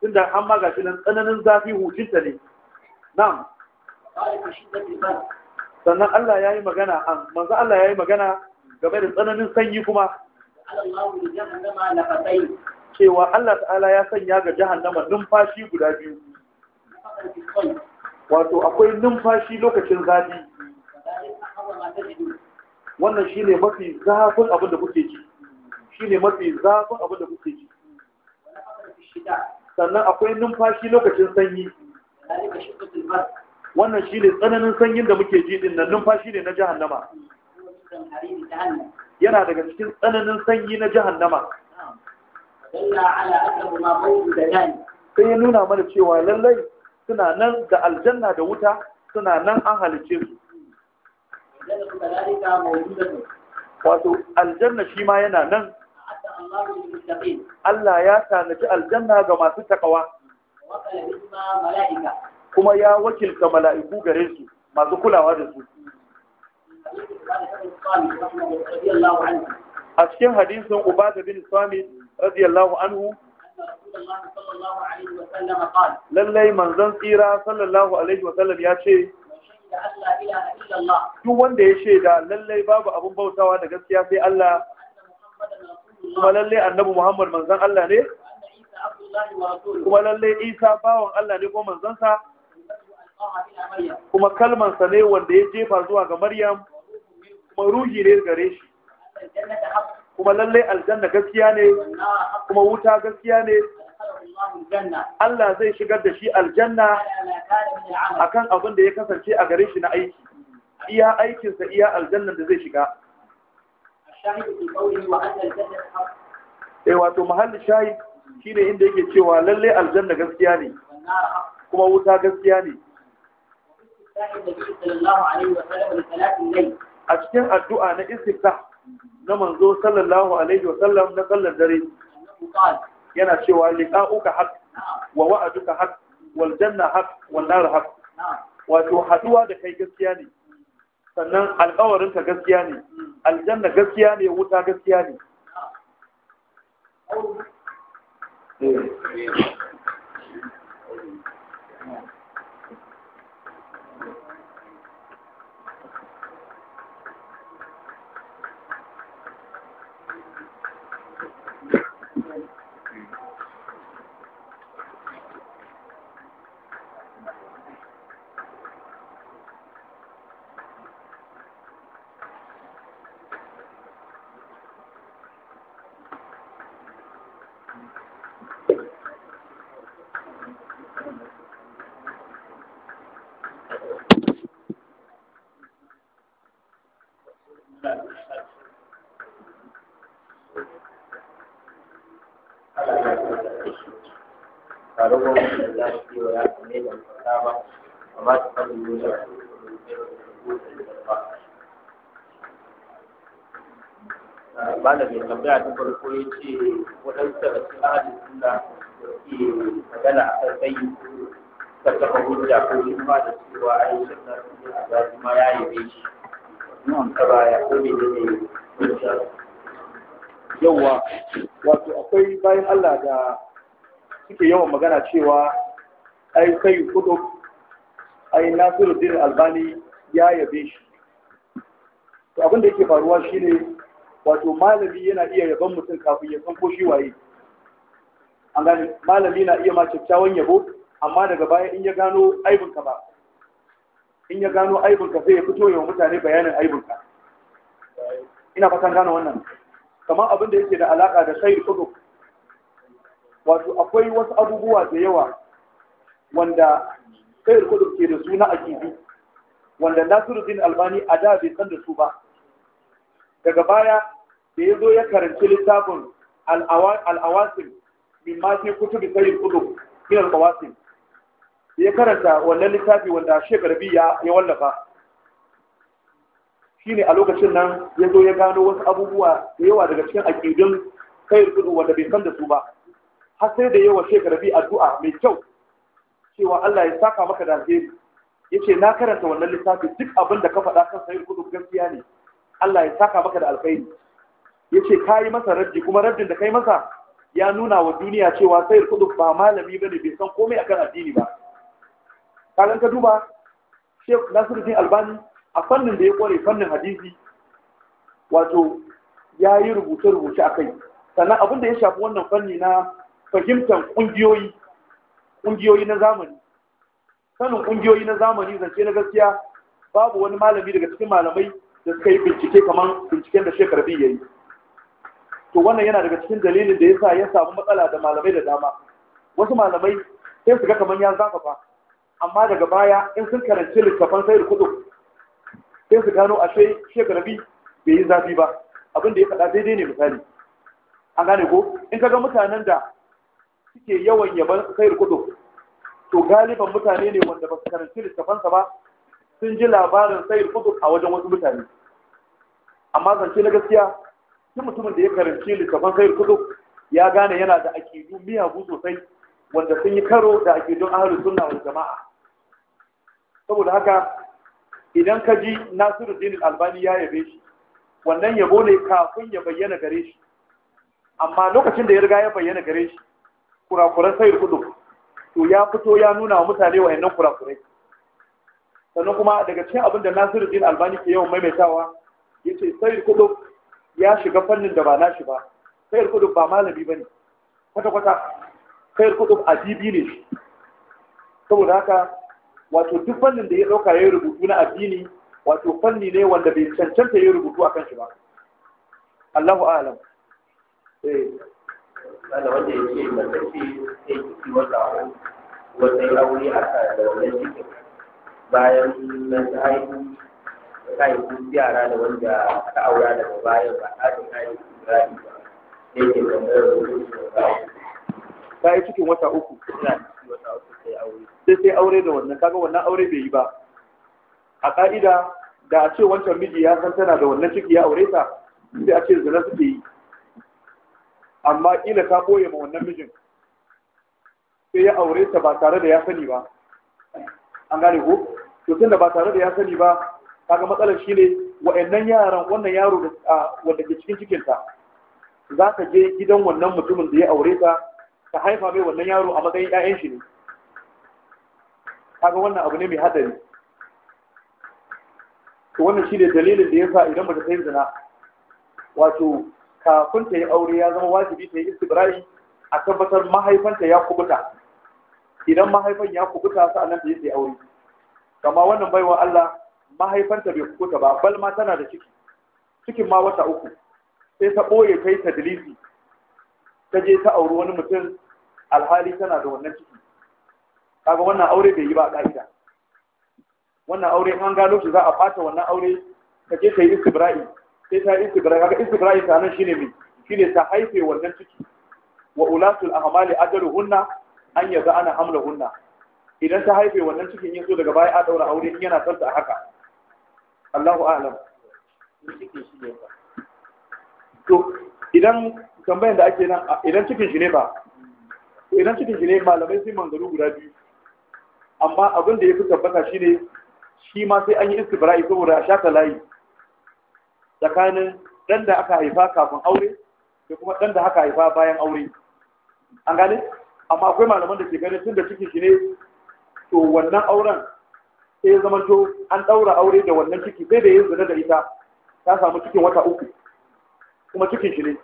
tunda an maga shi nan tsananin zafi hucinta ne na'am sannan Allah ya yi magana an manzo Allah ya yi magana game da tsananin sanyi kuma cewa Allah ta'ala ya sanya ga jahannama numfashi guda biyu wato akwai numfashi lokacin zafi wannan shine mafi zafin abin da kuke ji. shi ne mafi zafin abin da kuka yi sannan akwai numfashi lokacin sanyi wannan shi ne tsananin sanyin da muke ji din nan numfashi ne na jahannama yana daga cikin tsananin sanyi na jahannama sai ya nuna mana cewa lallai suna nan da aljanna da wuta suna nan an halice su wato aljanna shi ma yana nan Allah ya tanaji aljanna ga masu takawa kuma ya wakilta mala'iku gare su masu kulawa da su a cikin hadisin ubada bin sami radiyallahu anhu lallai manzon tsira sallallahu alaihi wasallam ya ce duk wanda ya shaida lallai babu abin bautawa da gaskiya sai Allah kuma lalle annabi Muhammad manzon Allah ne kuma lalle Isa bawon Allah ne ko manzansa kuma kalmansa ne wanda ya jefa zuwa ga Maryam kuma ruhi ne gare shi kuma lalle aljanna gaskiya ne kuma wuta gaskiya ne Allah zai shigar da shi aljanna akan abin da ya kasance a gare shi na aiki iya aikinsa iya aljannan da zai shiga eh wato shayi shahid shine inda yake cewa lalle aljanna gaskiya ne kuma wuta gaskiya ne a cikin addu'a na istifta na manzo sallallahu alaihi wasallam na sallar dare yana cewa liqa'uka haq wa wa'aduka haq wal janna haq wal nar haq wato haduwa da kai gaskiya ne sannan alƙawarin ta gaskiya ne aljanna gaskiya ne wuta gaskiya ne tare da wanda za su yi wa ya kame da mata ba amma ta kan yi da ba da ah, mai tambaya ta farko ya ce waɗansu daga cikin ahalin suna ke magana a kan tsayi ta kafa hujja ko yin ba da cewa a yi shan nasu a zafi ma ya yi bai shi nan ka baya ko ne da ne yauwa wato akwai bayan Allah da suke yawan magana cewa ai kai kudu ai Nasiru din albani ya yabe shi to abin da yake faruwa shine wato malami yana iya yaban mutum kafin ya san ko shi waye an gani malami na iya ma kyakkyawan yabo amma daga baya in ya gano ka ba in ya gano ka sai ya fito yawan mutane bayanin ka ina fatan gano wannan kamar abin da yake da alaka da sai kudu wato akwai wasu abubuwa da yawa wanda kai kudu ke da suna na akidu wanda nasiruddin albani a da bai san da su ba daga baya da ya zo ya karanci littafin al'awasim min ma fi kutubi sai kudu min al'awasim ya karanta wannan littafi wanda shekarbi ya wallafa shine a lokacin nan ya zo ya gano wasu abubuwa da yawa daga cikin aƙidun kai kudu wanda bai san da su ba har sai da yawa shekar rabi addu'a mai kyau cewa Allah ya saka maka da alheri yace na karanta wannan littafin duk abin da ka faɗa kan sayin kudu gaskiya ne Allah ya saka maka da alheri yace kai masa raddi kuma raddin da kai masa ya nuna wa duniya cewa sayin kudu ba malami bane bai san komai akan addini ba kalan ka duba Sheikh Nasiruddin Albani a fannin da ya kware fannin hadisi wato ya yi rubuce-rubuce a kai sannan abin da ya shafi wannan fanni na fahimtar ƙungiyoyi ƙungiyoyi na zamani sanin ƙungiyoyi na zamani zance na gaskiya babu wani malami daga cikin malamai da suka yi bincike kamar binciken da shekar biyu ya yi to wannan yana daga cikin dalilin da ya sa ya samu matsala da malamai da dama wasu malamai sai su ga kamar ya zafafa amma daga baya in sun karanci littafan sayar kudu sai su gano ashe shekar biyu bai yi zafi ba abin da ya faɗa daidai ne misali an gane ko in ka ga mutanen da suke yawan yaban kai kudu to galiban mutane ne wanda ba su karanci littafansa ba sun ji labarin sai kudu a wajen wasu mutane amma zance na gaskiya shi mutumin da ya karanci littafan kai kudu ya gane yana da akidu miyagu sosai wanda sun yi karo da akidun ahlus sunna wal jama'a saboda haka idan ka ji Nasiruddin Albani ya yabe shi wannan yabo ne kafin ya bayyana gare shi amma lokacin da ya riga ya bayyana gare shi kurakuran sayar kudu to ya fito ya nuna wa mutane wayannan kurakurai sannan kuma daga cikin abin da Nasiruddin Albani ke yawan maimaitawa yace sayar kudu ya shiga fannin da ba nashi ba sayar kudu ba malami bane kwata kwata sayar kudu adibi ne saboda haka wato duk fannin da ya dauka yayin rubutu na addini wato fanni ne wanda bai cancanta yayin rubutu akan shi ba Allahu a'lam eh kana wanda ya ce mace ce ta yi ciki wata wata yi aure aka da wani ciki bayan nan ta haihu ta haihu yara da wanda ta aura daga bayan ba ta ta haihu rani ba sai ke tambayar wani ta yi cikin wata uku tana ciki wata uku sai aure sai sai aure da wannan kaga wannan aure bai yi ba a ka'ida da a ce wancan miji ya san tana da wannan ciki ya aure ta sai a ce zina suke yi amma Ila ka ɓoye ma wannan mijin sai ya aure ta ba tare da ya sani ba an gane ko to da ba tare da ya sani ba kaga matsalar shine wa'annan yaran wannan yaro da wanda ke cikin cikinta za ka je gidan wannan mutumin da ya aure ta ka haifa mai wannan yaro a matsayin 'ya'yan shi ne kaga wannan abu ne mai hadari to wannan shi ne dalilin da ya sa idan mace ta yi zina wato kafin ta yi aure ya zama wajibi ta yi istibirai a tabbatar mahaifanta ya kubuta idan mahaifan ya kubuta sa'annan ta yi ta aure kama wannan baiwa Allah mahaifanta bai kubuta ba bal ma tana da ciki cikin ma wata uku sai ta ɓoye kai ta dilisi ta je ta auri wani mutum alhali tana da wannan ciki kaga wannan aure bai yi ba ka'ida wannan aure an gano shi za a ɓata wannan aure ka je ta yi istibra'i sai ta istibra kaga istibra ita nan shine mi shine ta haife wannan ciki wa ulatul ahmali Hunna, an yaza ana Hamla-Hunna. idan ta haife wannan cikin yin daga baya a daura aure in yana santa a haka Allahu a'lam to idan tambayar da ake nan idan cikin shi ne ba idan cikin shi ne malamai sai manzaru guda biyu amma abin da ya fi tabbata shine shi ma sai an yi istibra'i saboda a shata layi tsakanin dan da aka haifa kafin aure da kuma dan da aka haifa bayan aure an gane amma akwai malaman da ke ganin tun da cikin shi ne to wannan auren sai ya zama to an daura aure da wannan ciki sai da ya zina da ita ta samu cikin wata uku kuma cikin shi ne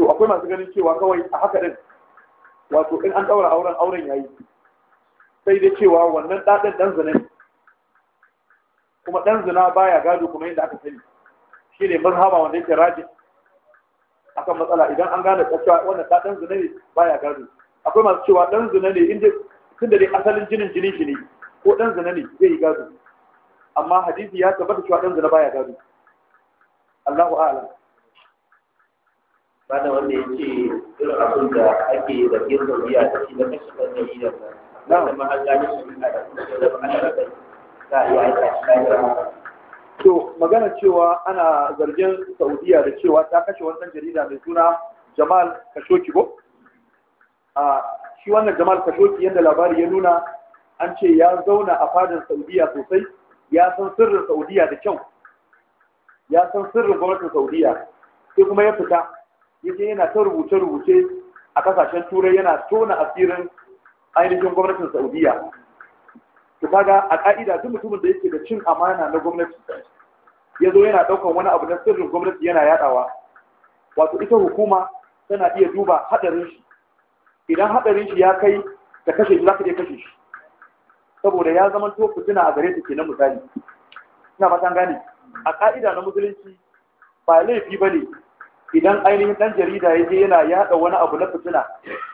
to akwai masu ganin cewa kawai a haka din wato in an daura auren auren yayi sai dai cewa wannan ɗaɗin ɗan zina kuma ɗan zina baya gado kuma yadda aka sani shi ne hama wanda yake raji akan matsala idan an gane cewa wannan ta dan zina ne baya gado akwai masu cewa dan zina ne inda tunda dai asalin jinin jini shi ne ko dan zina ne zai yi gado amma hadisi ya tabbata cewa dan zina baya gado Allahu a'lam bada wanda ya ce irin abin da ake da yin zuriya da shi na kashe wannan idan na kuma an gane shi da kuma ana da za a yi aika shi to magana cewa ana zargin saudiya da cewa ta kashe wani dan jarida mai suna jamal kashoki ko a shi wannan jamal kashoki yadda labari ya nuna an ce ya zauna a fadin saudiya sosai ya san sirrin saudiya da kyau ya san sirrin gwamnatin saudiya sai kuma ya fita ya ce yana ta rubuce-rubuce a kasashen turai yana tona asirin ainihin gwamnatin saudiya to kaga a ka'ida duk mutumin da yake da cin amana na gwamnati ya zo yana ɗaukan wani abu na sirrin gwamnati yana yaɗawa wato ita hukuma tana iya duba hadarin shi idan hadarin shi ya kai da kashe shi za ka je kashe shi saboda ya zama to fitina a gare ta kenan misali ina san gane a ka'ida na musulunci ba laifi ba ne idan ainihin ɗan jarida ya je yana yaɗa wani abu na fitina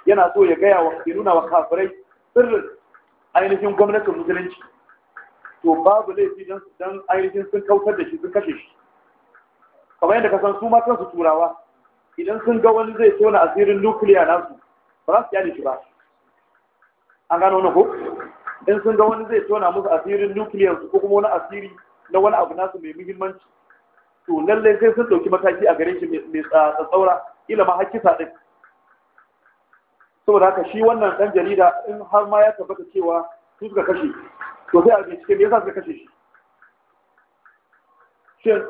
yana so ya gaya wa ya nuna wa kafirai sirrin ainihin gwamnatin musulunci to babu laifi don ainihin sun kautar da shi sun kashe shi kamar yadda ka san su ma su turawa idan sun ga wani zai tona asirin nukiliya nasu ba za su yane shi ba an gano na ko in sun ga wani zai tona musu asirin nukiliyar su ko kuma wani asiri na wani abu nasu mai muhimmanci to lallai sai sun ɗauki mataki a gare shi mai tsatsaura ila ma har kisa ɗin saboda haka shi wannan dan jarida in har ma ya tabbata cewa su suka kashe to sai a bincike me yasa suka kashe shi shin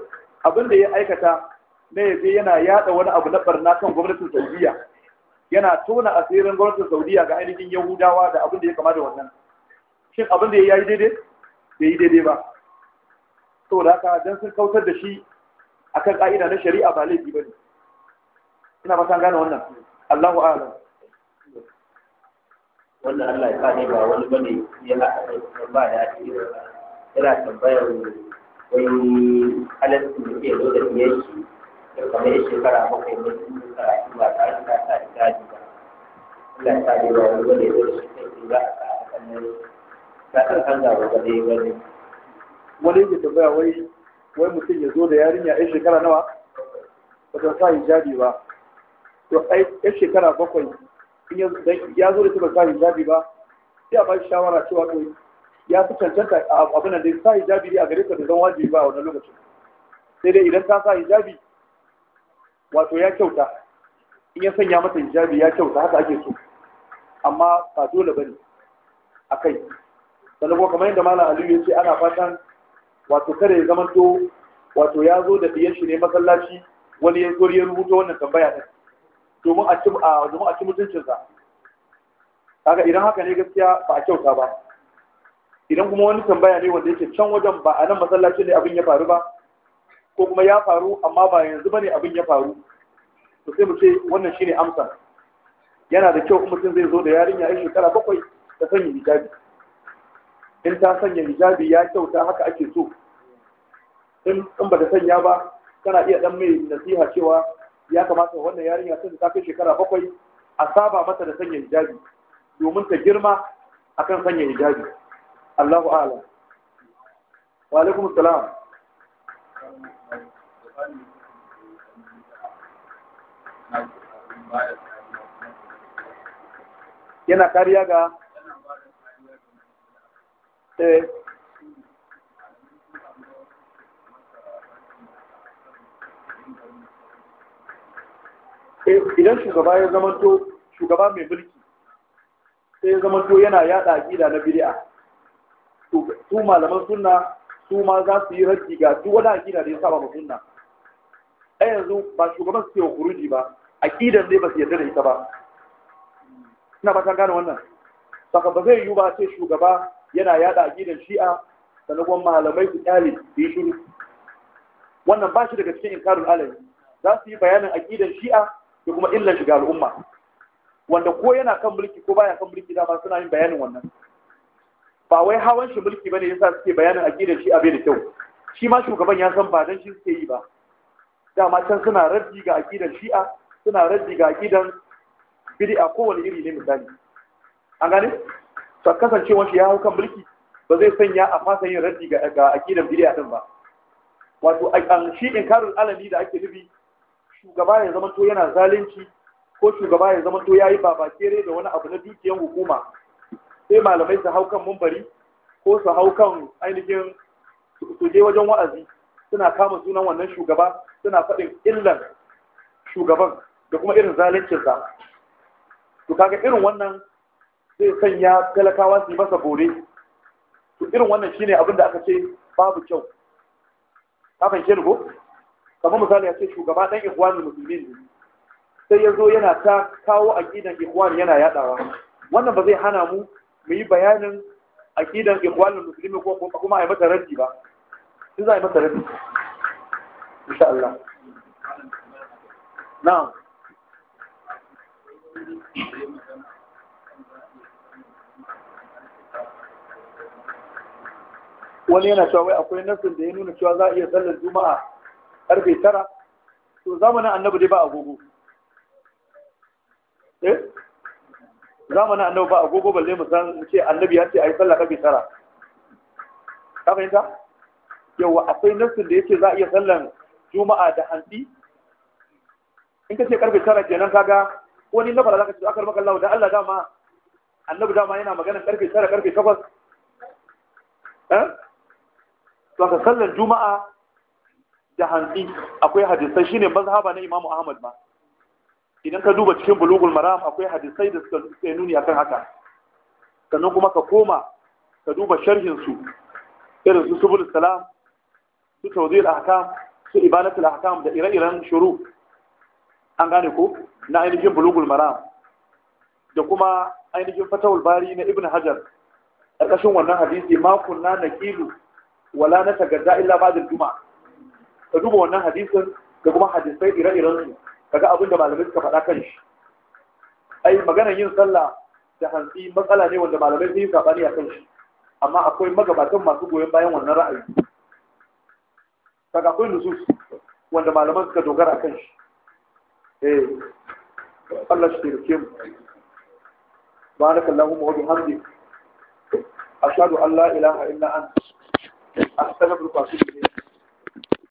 abin da ya aikata na yaje yana yada wani abu na barna kan gwamnatin Saudiya yana tona asirin gwamnatin Saudiya ga ainihin Yahudawa da abin da ya kama da wannan shin abin da ya yi daidai bai yi daidai ba saboda haka dan sun kautar da shi akan ka'ida na shari'a ba laifi bane ina san gane wannan Allahu a'lam wanda Allah ya kane ba wani bane ya haɗa kai ba da ake yana tambayar wai halatta da ke zo da biyar shi da kamar ya shekara bakwai ne sun karatu ba tare da ta sa itaji ba Allah ya kane ba wani bane ya da shi kai ba a kan ta kan kan da ba bane bane wani yake tambaya wai wai mutum ya zo da yarinya a shekara nawa ba ta sa yi jadi ba to ai shekara bakwai ya zo da shi ba hijabi ba sai a ba shi shawara cewa to ya fi cancanta abin da sa hijabi ne a gare ka da zan wajibi ba a wannan lokacin sai dai idan ta sa hijabi wato ya kyauta in ya sanya mata hijabi ya kyauta haka ake so amma ba dole ba ne a kai sannan kuma kamar yadda malam aliyu ya ce ana fatan wato kada ya zamanto wato ya zo da biyan shi ne masallaci wani ya zo ya rubuta wannan tambaya ɗin domin a ci mutuncinsa kaga idan haka ne gaskiya ba a kyauta ba idan kuma wani tambaya ne wanda yake can wajen ba a nan masallaci ne abin ya faru ba ko kuma ya faru amma ba yanzu ba ne abin ya faru to sai mu ce wannan shine amsa yana da kyau mutum zai zo da yarinya ya shekara bakwai ta sanya hijabi in ta sanya hijabi ya kyauta haka ake so in ba ta sanya ba kana iya ɗan mai nasiha cewa ya kamata wannan yarinya sun ta kai shekara bakwai a saba mata da sanya hijabi domin ta girma akan sanya hijabi Allahu a'lam wa alaikum salam yana kariya ga eh idan shugaba ya zamanto shugaba mai mulki sai ya zamanto yana yada aqida na bid'a to su malaman sunna su ma za su yi raddi ga duk wani aqida da ya saba ma sunna ai yanzu ba shugaban su ke wa kuruji ba aqidan dai ba su yarda da ita ba ina ba san gane wannan saka ba zai yiwu ba sai shugaba yana yada aƙidan shi'a sannan kuma malamai su kyale su yi shiru wannan ba shi daga cikin inkarul alai za su yi bayanin aqidan shi'a ya kuma illan shiga al'umma wanda ko yana kan mulki ko baya kan mulki dama suna yin bayanin wannan ba wai hawan shi mulki bane yasa suke bayanin aqidar shi abin da kyau shi ma shugaban ya san ba dan shi suke yi ba dama can suna raddi ga aqidar shi'a suna raddi ga aqidar bid'a wani iri ne misali an gane to kasancewar shi ya hau kan mulki ba zai sanya a fasa yin raddi ga aqidar bid'a din ba wato a shi inkarul alami da ake nufi shugaba ya zamanto yana zalunci ko shugaba ya zamanto ya yi babakere da wani abu na dukiyar hukuma sai malamai su hau kan mumbari ko su hau kan ainihin suje wajen wa'azi suna kama sunan wannan shugaba suna faɗin illan shugaban da kuma irin zaluncinsa to kaga irin wannan zai sanya talakawa su yi masa bore to irin wannan shine abin da aka ce babu kyau ka fahimce ni ko kamar misali ya ce shugaba ɗan ikwani musulmi ne sai ya zo yana ta kawo aƙidan ikwani yana yaɗawa wannan ba zai hana mu mu yi bayanin aƙidan ikwani musulmi ko kuma a yi mata raddi ba in za a yi mata raddi insha Allah na'am wani yana cewa wai akwai nasin da ya nuna cewa za a iya sallar juma'a karfe tara to zamanin annabi dai ba agogo eh zamanin annabi ba agogo balle mu san ce annabi ya ce ayi sallah karfe tara ka fahimta yawa akwai nassin da yake za a iya sallan juma'a da hanti in ka ce karfe tara kenan kaga wani na fara zaka ce akar maka Allah da Allah dama annabi dama yana magana karfe tara karfe takwas eh to ka sallan juma'a da hanzi akwai hadisai shine mazhaba na Imam Ahmad ma idan ka duba cikin bulugul maram akwai hadisai da suka yi nuni akan haka sannan kuma ka koma ka duba sharhin su irin su subul salam su tawzil ahkam su ibanatul ahkam da ire-iren shuru an gane ko na ainihin bulugul maram da kuma ainihin fatawul bari na ibn hajar a ƙarshen wannan hadisi makon na naqilu wala na tagadda illa ba'da juma'a ka duba wannan hadisin da kuma hadisai ire-iren su kaga abin da malamai suka faɗa kan shi ai magana yin sallah da hantsi matsala ne wanda malamai sun yi sabani a kan shi amma akwai magabatan masu goyon bayan wannan ra'ayi kaga akwai nusus wanda malaman suka dogara a kan shi eh Allah shi ke mu بارك اللهم وبحمدك أشهد أن لا إله إلا أنت أستغفرك وأتوب إليك